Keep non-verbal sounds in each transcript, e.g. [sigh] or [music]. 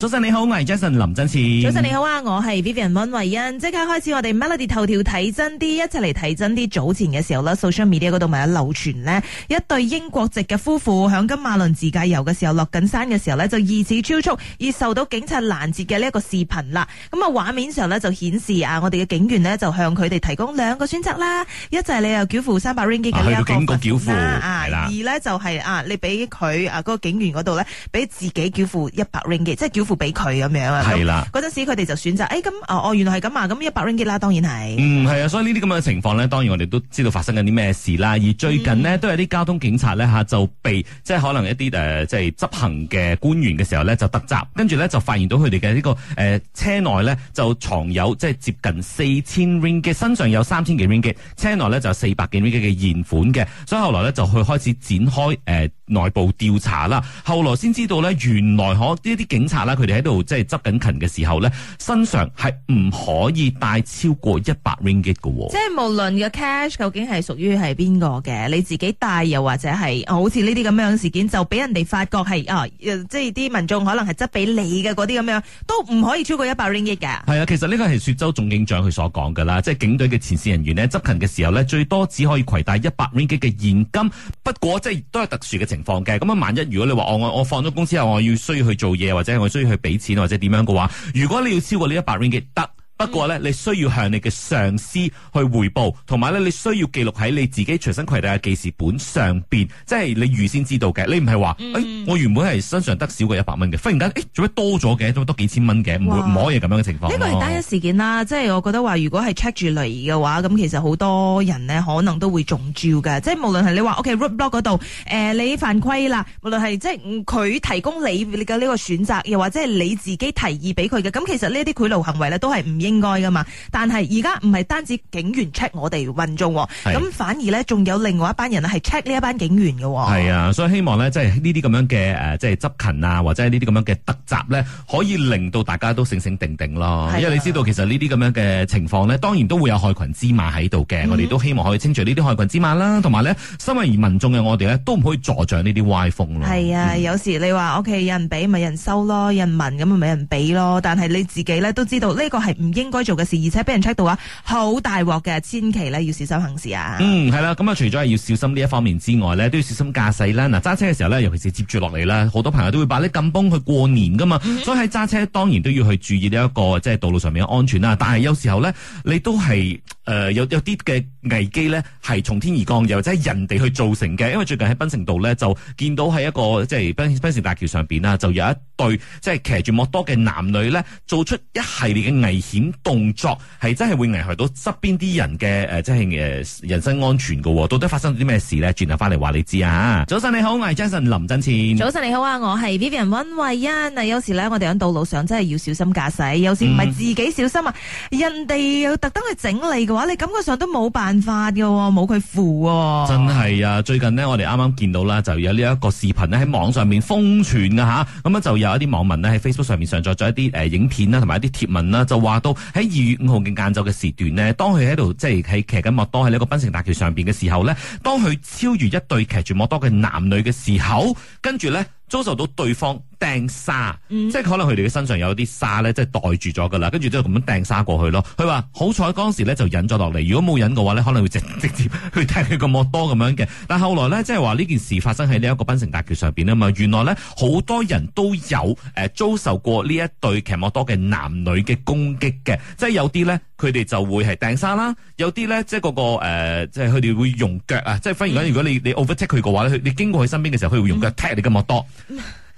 早晨你好，我係 Jason 林振市。早晨你好啊，我係 Vivian 溫慧欣。即刻開始我哋 Melody 頭條睇真啲，一齊嚟睇真啲。早前嘅時候呢，social media 嗰度咪有流傳呢一對英國籍嘅夫婦響金馬倫自駕遊嘅時候落緊山嘅時候呢，就疑似超速而受到警察攔截嘅呢一個視頻啦。咁啊，畫面上呢就顯示啊，我哋嘅警員呢就向佢哋提供兩個選擇啦，一就係你又繳付三百 ringgit 嘅警告，繳付二呢就係、是、啊，你俾佢啊嗰個警員嗰度呢，俾自己繳付一百 ringgit，即係繳。付俾佢咁樣啊，係啦，嗰陣時佢哋就選擇，誒、哎，咁啊，我、哦哦、原來係咁啊，咁一百 ringgit 啦，當然係，嗯，係啊，所以呢啲咁嘅情況咧，當然我哋都知道發生緊啲咩事啦，而最近呢、嗯，都有啲交通警察咧吓就被即係可能一啲誒、呃、即係執行嘅官員嘅時候咧就突襲，跟住咧就發現到佢哋嘅呢個誒、呃、車內咧就藏有即係接近四千 ringgit，身上有三千幾 ringgit，車內咧就有四百幾 ringgit 嘅現款嘅，所以後來咧就去開始展開誒。呃內部調查啦，後來先知道呢，原來可呢啲警察啦，佢哋喺度即係執緊勤嘅時候呢，身上係唔可以帶超過一百 ringgit 嘅喎。即係無論個 cash 究竟係屬於係邊個嘅，你自己帶又或者係、呃、好似呢啲咁樣事件就俾人哋發覺係啊、呃，即係啲民眾可能係執俾你嘅嗰啲咁樣，都唔可以超過一百 ringgit 嘅。係啊，其實呢個係雪州總警長佢所講嘅啦，即係警隊嘅前線人員呢，執勤嘅時候呢，最多只可以攜帶一百 ringgit 嘅現金，不過即係都有特殊嘅情況。放嘅咁啊，萬一如果你話我我我放咗工之後，我要需要去做嘢，或者我需要去俾錢，或者點樣嘅話，如果你要超過呢一百 ringgit 嘅得。不過咧，你需要向你嘅上司去匯報，同埋咧，你需要記錄喺你自己隨身攜帶嘅記事本上邊，即係你預先知道嘅。你唔係話，誒、嗯哎，我原本係身上得少過一百蚊嘅，忽然間，做、哎、咩多咗嘅，都多幾千蚊嘅，唔會唔可以咁樣嘅情況。呢個係單一事件啦，即係我覺得話，如果係 check 住嚟嘅話，咁其實好多人呢可能都會中招嘅。即係無論係你話 OK root block 嗰度，誒、OK, 呃，你犯規啦，無論係即係佢提供你嘅呢個選擇，又或者係你自己提議俾佢嘅，咁其實呢啲賄賂行為呢都係唔。應該噶嘛？但係而家唔係單止警員 check 我哋群眾，喎咁，反而咧仲有另外一班人係 check 呢一班警員嘅。係啊，所以希望咧，即係呢啲咁樣嘅誒，即係執勤啊，或者呢啲咁樣嘅特襲咧，可以令到大家都醒醒定定咯，啊。因為你知道，其實呢啲咁樣嘅情況咧，當然都會有害群之馬喺度嘅。我哋都希望可以清除呢啲害群之馬啦，同埋咧，身為民眾嘅我哋咧，都唔可以助長呢啲歪風咯。係啊，嗯，有時你話 O K，有人俾咪人收咯，人民有人問咁咪咪人俾咯。但係你自己咧都知道呢，呢個係唔。應該做嘅事，而且俾人 check 到啊，好大鑊嘅，千祈咧要小心行事啊！嗯，係啦，咁啊，除咗係要小心呢一方面之外咧，都要小心駕駛啦。嗱，揸車嘅時候咧，尤其是接住落嚟啦，好多朋友都會話你緊崩佢過年噶嘛、嗯，所以喺揸車當然都要去注意呢、這、一個即係、就是、道路上面嘅安全啦。但係有時候咧，你都係。誒、呃，有有啲嘅危機咧，係從天而降，又或者係人哋去造成嘅。因為最近喺檳城道咧，就見到喺一個即係檳城大橋上邊啦，就有一對即係騎住摩多嘅男女咧，做出一系列嘅危險動作，係真係會危害到側邊啲人嘅誒，即係誒人身安全喎。到底發生啲咩事咧？轉頭翻嚟話你知啊、嗯！早晨你好，我係 Jason 林振前。早晨你好啊，我係 Vivian 温慧欣。嗱，有時咧，我哋喺道路上真係要小心駕駛，有時唔係自己小心啊，嗯、人哋又特登去整你嘅。你感覺上都冇辦法嘅，冇佢扶真係啊！最近呢，我哋啱啱見到啦，就有呢一個視頻咧喺網上面瘋傳嘅吓，咁樣就有一啲網民咧喺 Facebook 上面上載咗一啲誒影片啦，同埋一啲貼文啦，就話到喺二月五號嘅晏晝嘅時段呢，當佢喺度即係喺騎緊莫多喺呢個檳城大橋上邊嘅時候呢，當佢超越一對騎住莫多嘅男女嘅時候，跟住呢，遭受到對方。掟沙，即係可能佢哋嘅身上有啲沙咧，即係袋住咗噶啦，跟住之後咁樣掟沙過去咯。佢話好彩當時咧，就忍咗落嚟，如果冇忍嘅話咧，可能會直接直接去踢佢摩多咁樣嘅。但後來咧，即係話呢件事發生喺呢一個檳城大橋上邊啊嘛，原來咧好多人都有誒、呃、遭受過呢一對騎摩托嘅男女嘅攻擊嘅，即係有啲咧佢哋就會係掟沙啦，有啲咧即係嗰個誒，即係佢哋會用腳啊，即係忽然間如果你你 overtake 佢嘅話呢，你經過佢身邊嘅時候，佢會用腳踢你嘅摩多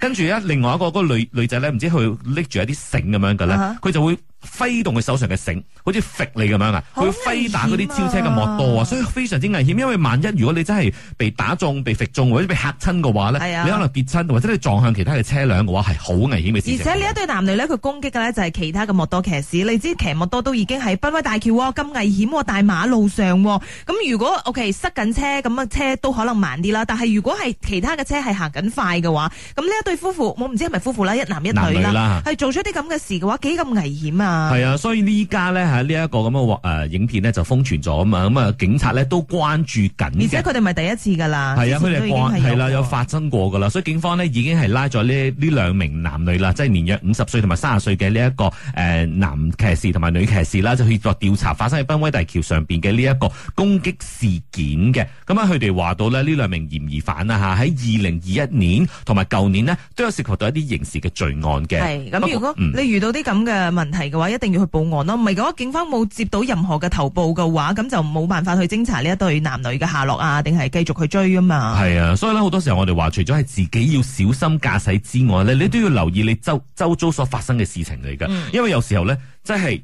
跟住咧，另外一個、嗰個、女女仔咧，唔知佢拎住一啲繩咁樣嘅咧，佢、uh-huh. 就會。揮動佢手上嘅繩，好似甩你咁樣啊！佢揮打嗰啲超車嘅摩托啊，所以非常之危險。因為萬一如果你真係被打中、被甩中或者被嚇親嘅話咧，啊、你可能跌親，或者你撞向其他嘅車輛嘅話，係好危險嘅事。而且呢一對男女咧，佢攻擊嘅咧就係其他嘅摩托騎士。你知騎摩托都已經係檳威大橋咁危險，大馬路上咁如果 OK，塞緊車咁啊車都可能慢啲啦。但係如果係其他嘅車係行緊快嘅話，咁呢一對夫婦我唔知係咪夫婦啦，一男一女，男女啦，係做出啲咁嘅事嘅話，幾咁危險啊！係啊，啊，所以呢家咧喺呢一個咁嘅誒影片呢就封存咗啊嘛，咁啊警察呢都關注緊嘅。而且佢哋唔係第一次噶啦，係啊，佢哋過係啦，啊，有發生過噶啦，所以警方呢已經係拉咗呢呢兩名男女啦，即係年約五十歲同埋三十歲嘅呢一個誒，呃，男騎士同埋女騎士啦，就去做調查發生喺檳威大橋上邊嘅呢一個攻擊事件嘅。咁啊，佢哋話到呢呢兩名嫌疑犯啊吓，喺二零二一年同埋舊年呢都有涉及到一啲刑事嘅罪案嘅。係咁，如果，嗯、你遇到啲咁嘅問題嘅。話一定要去報案咯，唔係，如果警方冇接到任何嘅投報嘅話，咁就冇辦法去偵查呢一對男女嘅下落啊，定係繼續去追啊嘛。係啊，所以咧好多時候我哋話，除咗係自己要小心駕駛之外咧、嗯，你都要留意你周周遭所發生嘅事情嚟噶、嗯，因為有時候咧，真係。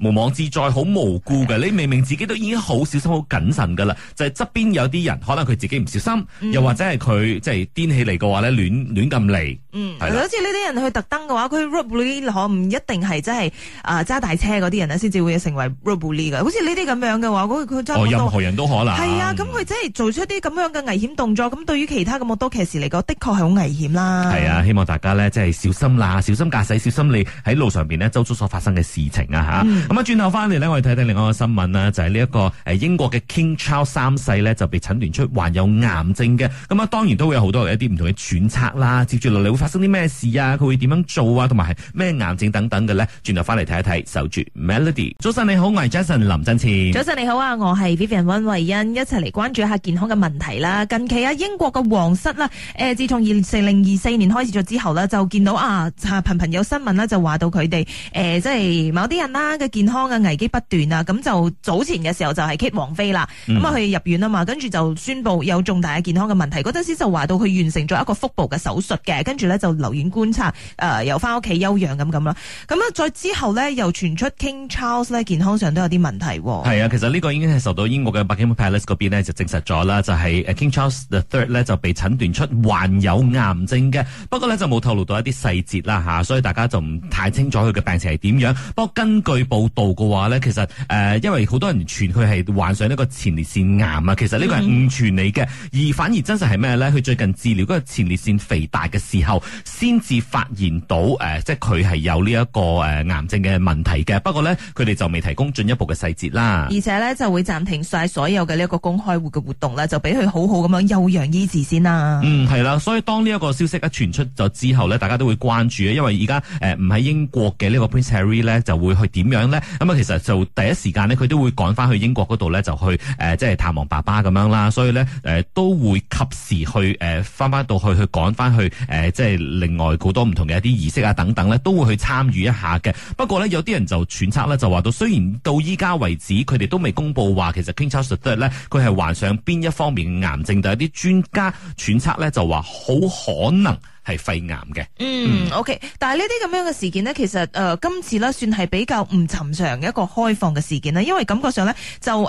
無妄之災，好無辜嘅。你明明自己都已經好小心、好謹慎噶啦，就係、是、側邊有啲人，可能佢自己唔小心、嗯，又或者係佢即係癲起嚟嘅話咧，亂亂咁嚟。嗯，好似呢啲人去特登嘅話，佢 road bully 可唔一定係即係啊揸大車嗰啲人咧，先至會成為 road bully 嘅。好似呢啲咁樣嘅話，佢、哦、任何人都可能係啊，咁佢真係做出啲咁樣嘅危險動作。咁、嗯、對於其他摩多騎士嚟講，的確係好危險啦。係啊，希望大家咧即係小心啦，小心駕駛，小心你喺路上邊咧周遭所發生嘅事情、嗯、啊嚇。咁啊，轉頭翻嚟咧，我哋睇睇另外一個新聞啦，就係呢一個誒英國嘅 King Charles 三世咧，就被診斷出患有癌症嘅。咁啊，當然都會有好多一啲唔同嘅揣測啦。接住落嚟會發生啲咩事啊？佢會點樣做啊？同埋係咩癌症等等嘅咧？轉頭翻嚟睇一睇，守住 Melody。早晨你好，我係 Jason 林振前。早晨你好啊，我係 Vivian 温慧欣，一齊嚟關注一下健康嘅問題啦。近期啊，英國嘅皇室啦，誒、呃，自從二零二四年開始咗之後呢，就見到啊，頻頻有新聞咧，就話到佢哋誒，即係某啲人啦嘅。健康嘅危機不斷啊，咁就早前嘅時候就係 Kate 王妃啦，咁啊去入院啊嘛，跟住就宣布有重大嘅健康嘅問題，嗰陣時就話到佢完成咗一個腹部嘅手術嘅，跟住咧就留院觀察，誒又翻屋企休養咁咁啦，咁啊再之後咧又傳出 King Charles 咧健康上都有啲問題，係啊，其實呢個已經係受到英國嘅白金漢 Palace 嗰邊咧就證實咗啦，就係、是、King Charles the Third 咧就被診斷出患有癌症嘅，不過咧就冇透露到一啲細節啦吓，所以大家就唔太清楚佢嘅病情係點樣，不過根據報度嘅話呢，其實誒、呃，因為好多人傳佢係患上呢個前列腺癌啊，其實呢個係誤傳嚟嘅，而反而真實係咩呢？佢最近治療嗰個前列腺肥大嘅時候，先至發現到誒、呃，即係佢係有呢、這、一個誒、呃、癌症嘅問題嘅。不過呢，佢哋就未提供進一步嘅細節啦。而且呢就會暫停晒所有嘅呢一個公開活嘅活動啦，就俾佢好好咁樣休養醫治先啦。嗯，係啦，所以當呢一個消息一傳出咗之後呢，大家都會關注啊，因為而家誒唔喺英國嘅呢個 Prince Harry 咧，就會去點樣呢。咁啊，其實就第一時間咧，佢都會趕翻去英國嗰度咧，就去誒、呃，即係探望爸爸咁樣啦。所以咧，誒、呃、都會及時去誒，翻、呃、翻到去去趕翻去誒、呃，即係另外好多唔同嘅一啲儀式啊，等等咧，都會去參與一下嘅。不過咧，有啲人就揣測咧，就話到，雖然到依家為止，佢哋都未公布話，其實 King Charles III 咧，佢係患上邊一方面嘅癌症，但係啲專家揣測咧，就話好可能。係肺癌嘅，嗯，OK，但係呢啲咁樣嘅事件咧，其實誒、呃、今次咧算係比較唔尋常嘅一個開放嘅事件啦，因為感覺上咧就誒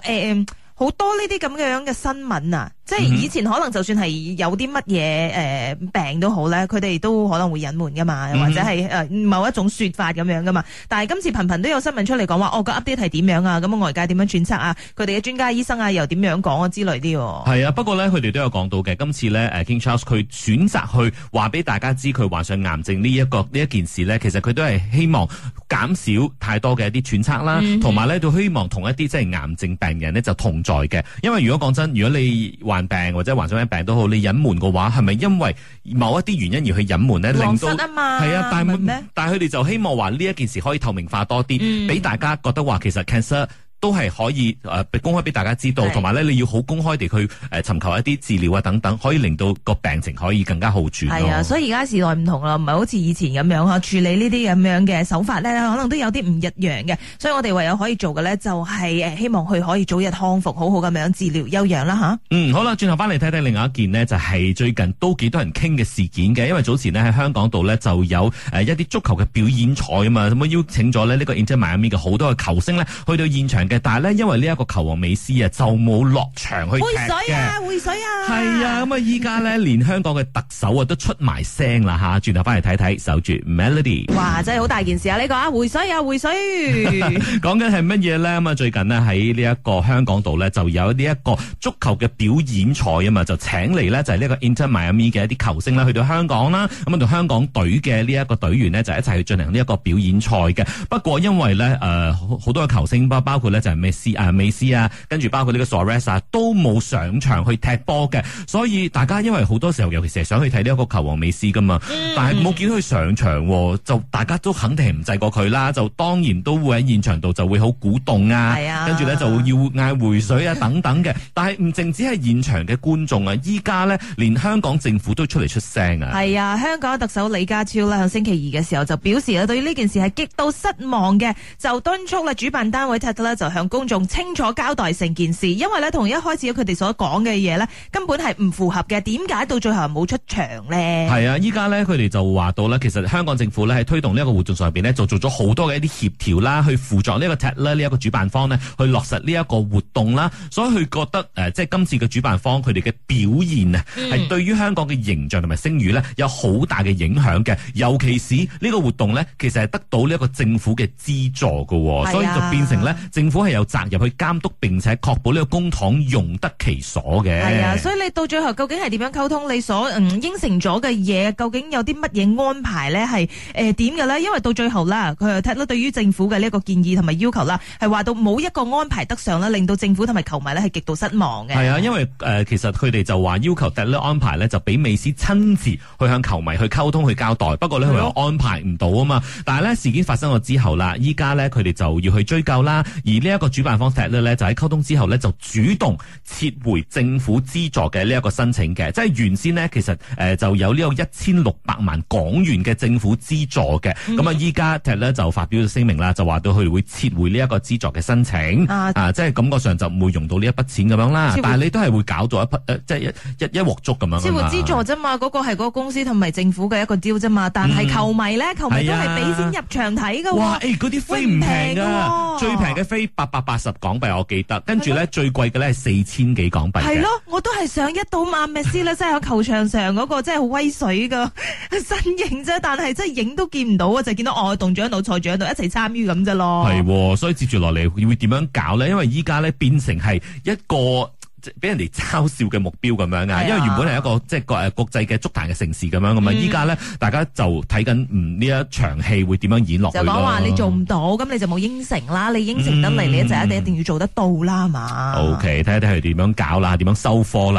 好、呃、多呢啲咁嘅樣嘅新聞啊。即係以前可能就算係有啲乜嘢誒病都好咧，佢哋都可能會隱瞞噶嘛，或者係誒某一種說法咁樣噶嘛。但係今次頻頻都有新聞出嚟講話哦，個 update 係點樣啊？咁外界點樣揣測啊？佢哋嘅專家醫生啊，又點樣講啊？之類啲。係啊，不過咧，佢哋都有講到嘅。今次咧，誒，King Charles 佢選擇去話俾大家知佢患上癌症呢一個呢一件事咧，其實佢都係希望減少太多嘅一啲揣測啦，同埋咧都希望同一啲即係癌症病人咧就同在嘅。因為如果講真，如果你病或者患上咩病都好，你隱瞞嘅話，係咪因為某一啲原因而去隱瞞咧？令到，啊嘛，係啊，但係但係佢哋就希望話呢一件事可以透明化多啲，俾、嗯、大家覺得話其實 cancer。都係可以誒、呃、公開俾大家知道，同埋咧你要好公開地去誒、呃、尋求一啲治療啊等等，可以令到個病情可以更加好轉。係啊，所以而家時代唔同啦，唔係好似以前咁樣啊。處理呢啲咁樣嘅手法咧，可能都有啲唔一樣嘅。所以我哋唯有可以做嘅咧，就係、是、希望佢可以早日康復，好好咁樣治療休養啦吓、啊，嗯，好啦，轉頭翻嚟睇睇另外一件呢，就係、是、最近都幾多人傾嘅事件嘅，因為早前呢，喺香港度呢，就有一啲足球嘅表演賽啊嘛，咁啊邀請咗呢個 Inter Miami 嘅好多嘅球星呢，去到現場。但係咧，因為呢一個球王美斯啊，就冇落場去踢嘅。會水啊，匯水啊！係啊，咁啊，依家咧，連香港嘅特首啊，都出埋聲啦吓。轉頭翻嚟睇睇，守住 Melody。哇，真係好大件事啊！呢、這個啊，回水啊，回水。講緊係乜嘢咧？咁啊，最近呢，喺呢一個香港度咧，就有呢一個足球嘅表演賽啊嘛，就請嚟咧就係呢個 Inter Miami 嘅一啲球星咧去到香港啦，咁啊同香港隊嘅呢一個隊員呢，就一齊去進行呢一個表演賽嘅。不過因為咧誒，好、呃、多嘅球星包包括咧。就係、是、咩啊，美斯啊，跟住包括呢個 Suarez 都冇上場去踢波嘅。所以大家因為好多時候，尤其是係想去睇呢一個球王美斯㗎嘛、嗯，但係冇見到佢上場，就大家都肯定唔制過佢啦。就當然都會喺現場度就會好鼓動啊，啊，啊，跟住咧就會要嗌回水啊等等嘅。但係唔淨止係現場嘅觀眾啊，依家呢連香港政府都出嚟出聲啊。係啊，香港特首李家超咧喺星期二嘅時候就表示咧，對於呢件事係極度失望嘅，就敦促咧主辦單位 Tatler 向公眾清楚交代成件事，因為咧同一開始佢哋所講嘅嘢咧，根本係唔符合嘅。點解到最後冇出場咧？係啊，依家咧佢哋就話到咧，其實香港政府咧喺推動呢一個活動上邊咧，就做咗好多嘅一啲協調啦，去輔助呢個呢一個主辦方咧，去落實呢一個活動啦。所以佢覺得誒、呃，即係今次嘅主辦方佢哋嘅表現啊，係、嗯、對於香港嘅形象同埋聲譽咧，有好大嘅影響嘅。尤其是呢個活動咧，其實係得到呢一個政府嘅資助噶，所以就變成咧、啊、政府。都係有責任去監督，並且確保呢個公帑用得其所嘅。係啊，所以你到最後究竟係點樣溝通？你所嗯應承咗嘅嘢，究竟有啲乜嘢安排咧？係誒點嘅咧？因為到最後啦，佢又睇啦，對於政府嘅呢一個建議同埋要求啦，係話到冇一個安排得上啦，令到政府同埋球迷咧係極度失望嘅。係啊，因為誒、呃、其實佢哋就話要求特呢安排咧，就俾美斯親自去向球迷去溝通去交代。不過咧，佢安排唔到啊嘛。但係咧，事件發生咗之後啦，依家咧佢哋就要去追究啦，而呢、這個。呢、這、一個主辦方踢咧咧，Tadler，就喺溝通之後咧，就主動撤回政府資助嘅呢一個申請嘅。即係原先咧，其實誒、呃、就有呢個一千六百萬港元嘅政府資助嘅。咁、嗯、啊，依家踢咧就發表咗聲明啦，就話到佢會撤回呢一個資助嘅申請啊，啊。即係感覺上就唔會用到呢一筆錢咁樣啦。但係你都係會搞咗一筆即係一一一鑊粥咁樣。撤回資助啫嘛，嗰、嗯那個係嗰個公司同埋政府嘅一個招啫嘛。但係球迷咧、嗯啊，球迷都係俾錢入場睇㗎。哇！誒嗰啲飛唔平㗎，最平嘅飛。八百八十港幣我記得，跟住咧最貴嘅咧係四千幾港幣。係咯，我都係想一睹萬美斯，咧、 [laughs] 那個，真係球場上嗰個真係好威水嘅身影啫，但係真係影都見唔到，就見到我喺度動、喺度坐住、喺度一齊參與咁啫咯。係，所以接住落嚟會點樣搞咧？因為依家咧變成係一個。俾人哋嘲笑嘅目標咁樣啊，因為原本係一個即係國誒國際嘅足壇嘅城市咁樣咁啊，依家咧大家就睇緊嗯呢一場戲會點樣演落去。就講話你做唔到，咁你就冇應承啦。你應承得嚟，你一陣一定一定要做得到啦，係、嗯、嘛？OK，睇一睇佢點樣搞啦，點樣收科啦。